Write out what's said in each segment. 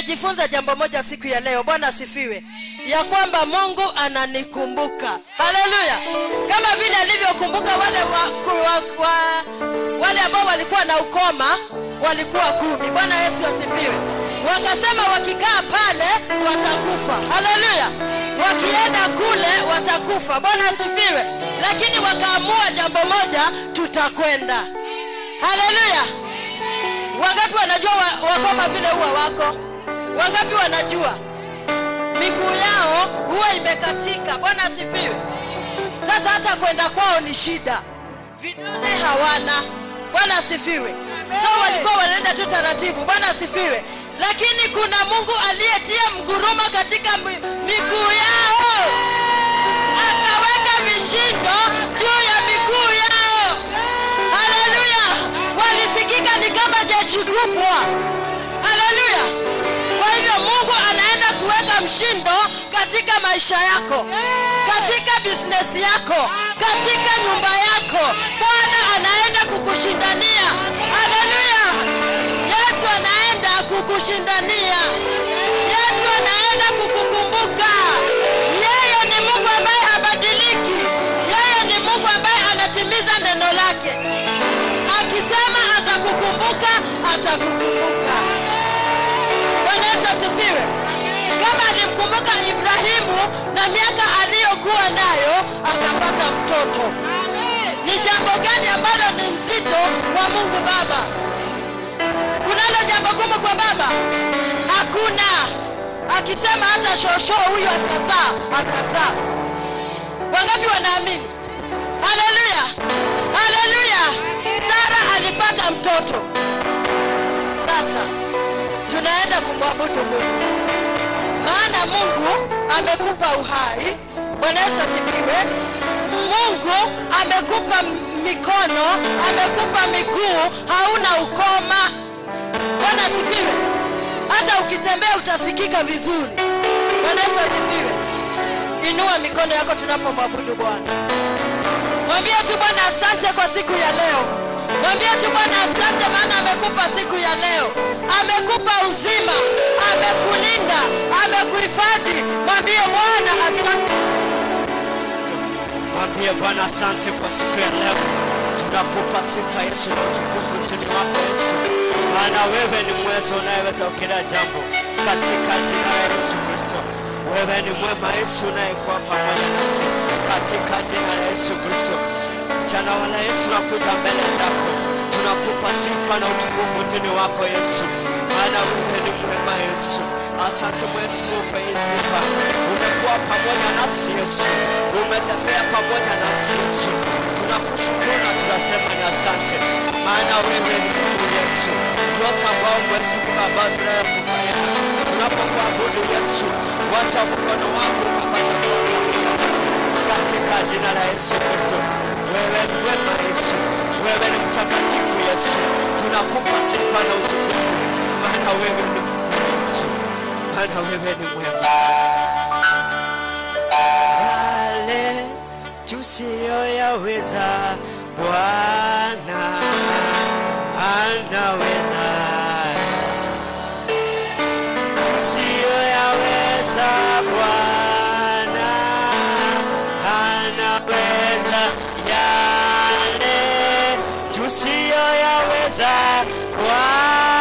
Nimejifunza jambo moja siku ya leo, Bwana asifiwe, ya kwamba Mungu ananikumbuka. Haleluya! Kama vile alivyokumbuka wale wa, wa, wa, wale ambao walikuwa na ukoma walikuwa kumi. Bwana Yesu asifiwe. Wakasema wakikaa pale watakufa. Haleluya! Wakienda kule watakufa. Bwana asifiwe. Lakini wakaamua jambo moja, tutakwenda. Haleluya! Wangapi wanajua wakoma vile huwa wako? Wangapi wanajua miguu yao huwa imekatika? Bwana asifiwe. Sasa hata kwenda kwao ni shida, vidole hawana. Bwana asifiwe. Sasa walikuwa wanaenda tu taratibu. Bwana asifiwe. Lakini kuna Mungu aliyetia mguruma katika miguu yao, akaweka vishindo juu ya miguu yao. Haleluya! Walisikika ni kama jeshi kubwa. Haleluya! Kwa hivyo Mungu anaenda kuweka mshindo katika maisha yako, katika bisinesi yako, katika nyumba yako. Bwana anaenda kukushindania. Haleluya! Yesu anaenda kukushindania. Yesu anaenda kukukumbuka. Yeye ni Mungu ambaye habadiliki. Yeye ni Mungu ambaye anatimiza neno lake. Akisema atakukumbuka, atakukumbuka. Yesu asifiwe. Kama alimkumbuka Ibrahimu na miaka aliyokuwa nayo akapata mtoto. Ni jambo gani ambalo ni nzito kwa Mungu Baba? Kunalo jambo gumu kwa Baba? Hakuna. Akisema hata shoshoo huyu atazaa, atazaa. Wangapi wanaamini? Haleluya, haleluya! Sara alipata mtoto sasa tunaenda kumwabudu Mungu, maana Mungu amekupa uhai. Bwana Yesu asifiwe. Mungu amekupa mikono, amekupa miguu, hauna ukoma. Bwana asifiwe. Hata ukitembea utasikika vizuri. Bwana Yesu asifiwe. Inua mikono yako tunapomwabudu Bwana. Mwambie tu Bwana, asante kwa siku ya leo. Mwambie tu Bwana asante, maana amekupa siku ya leo, amekupa uzima, amekulinda, amekuhifadhi. Mwambie Bwana asante. Mwambie Bwana asante kwa siku ya leo, tunakupa sifa Yesu na utukufu chini wako Yesu, maana wewe ni mwezo unayeweza kila jambo, katika jina la Yesu Kristo. Wewe ni mwema Yesu, unayekuwa pamoja nasi katika jina la Yesu Kristo mchana wana Yesu, nakuja mbele zako, tunakupa sifa na utukufu tini wako Yesu, maana wewe ni mwema Yesu. Asante Mwenyezi Mungu kwa sifa, umekuwa pamoja nasi Yesu, umetembea pamoja nasi Yesu, tunakusukuna na tunasema ni asante, maana wewe ni Yesu, yote ambao Mwenyezi Mungu ambayo tunayokufanya tunapokuabudu Yesu, wacha mkono wako ukapata kuabudu katika jina la Yesu Kristo wewe ni wema Yesu, wewe ni mtakatifu Yesu, tunakupa sifa na utukufu, maana wewe ni Mungu Yesu, maana wewe ni mwema. Yale tusiyoyaweza Bwana anaweza, tusiyoyaweza Bwana anaweza yale tusiyoyaweza Bwana.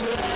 Yes.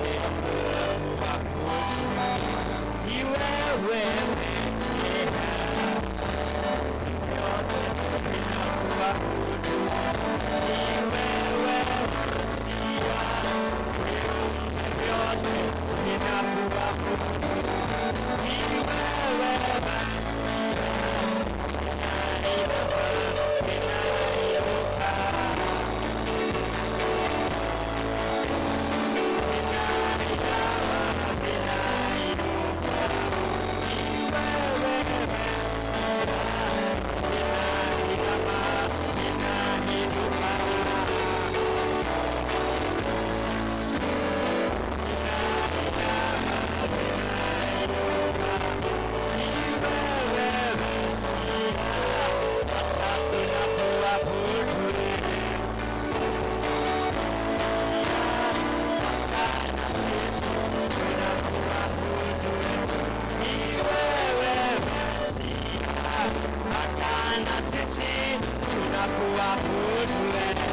You will, will, up who I would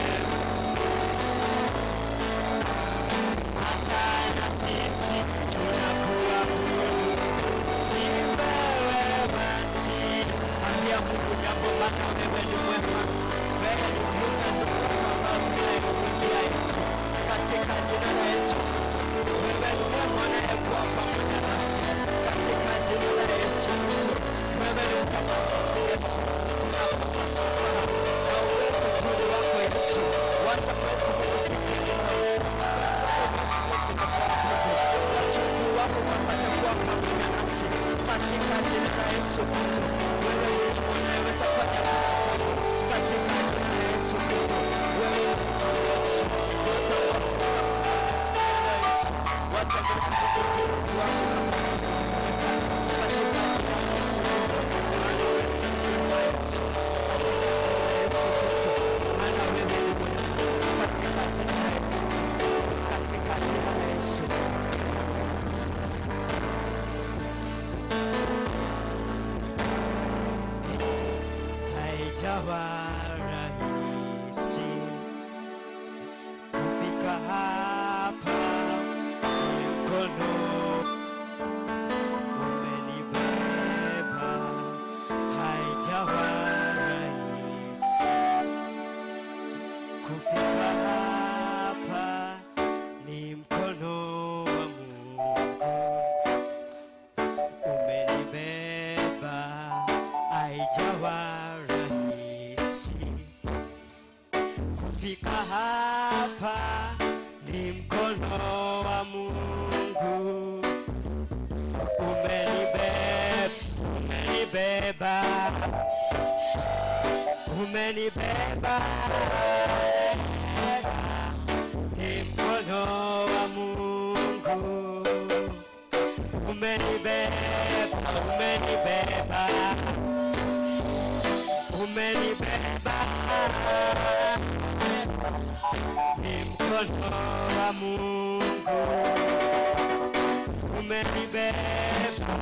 Tchau, vai. Nimefika hapa ni mkono wa Mungu, umenibeba, umenibeba, umenibeba, ni mkono wa Mungu, umenibeba, umenibeba, umenibeba mkono wa Mungu umenibeba,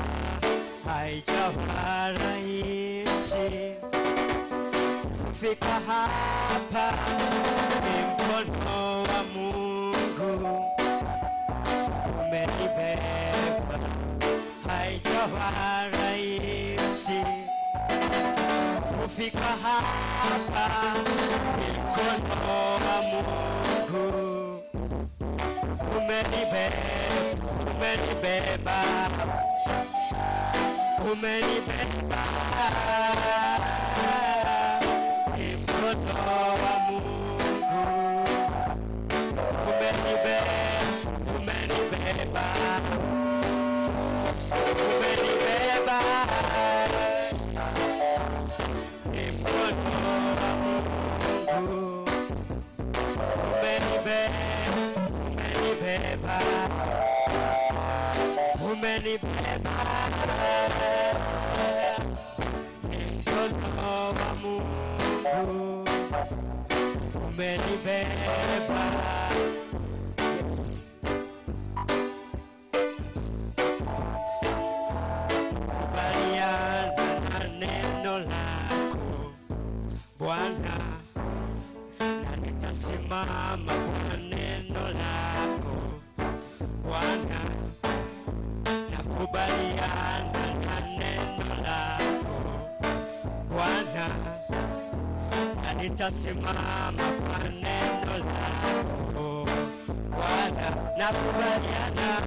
haijawa rahisi kufika hapa, ni mkono wa Mungu umenibeba, haijawa rahisi kufika hapa, mikono wa Mungu many bad, too many bad, too many bad. umenibeba yes. Kubaliana Bwana, na nitasimama kwa neno lako Bwana, nakubaliana na neno lako Bwana, na nitasimama Mariana, la Mariana.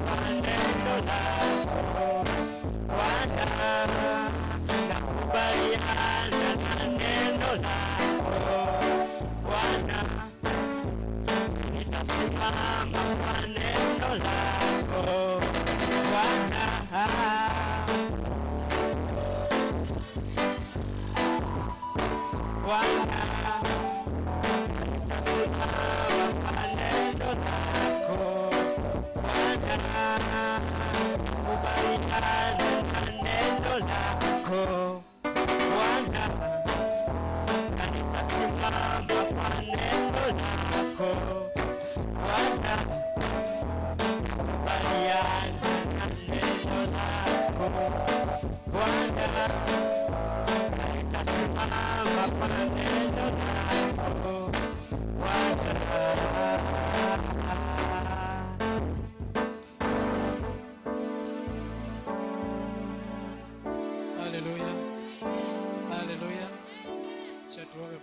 Mariano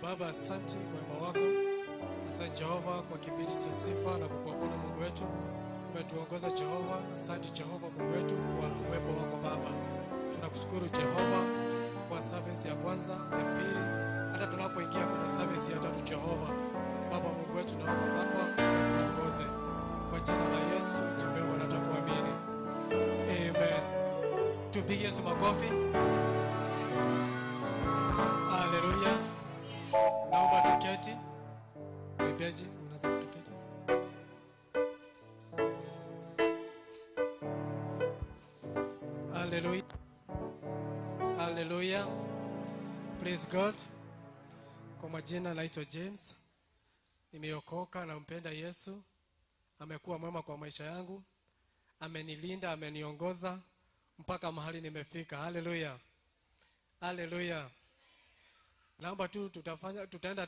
Baba, asante kwa wema wako, asante Jehova kwa kibidi cha sifa na kukuabudu Mungu wetu. Umetuongoza Jehova, asante Jehova Mungu wetu kwa uwepo wako Baba. Tunakushukuru Jehova kwa service ya kwanza, ya pili, hata tunapoingia kwenye service ya tatu Jehova. Baba Mungu wetu, naomba Baba tuongoze kwa jina la Yesu tumeona na tukuamini. Amen. tupige Yesu makofi. Hallelujah. Hallelujah. Praise God. Kwa majina naitwa James. Nimeokoka, nampenda Yesu. Amekuwa mwema kwa maisha yangu. Amenilinda, ameniongoza mpaka mahali nimefika. Hallelujah. Hallelujah. Naomba tu tutafanya tutaenda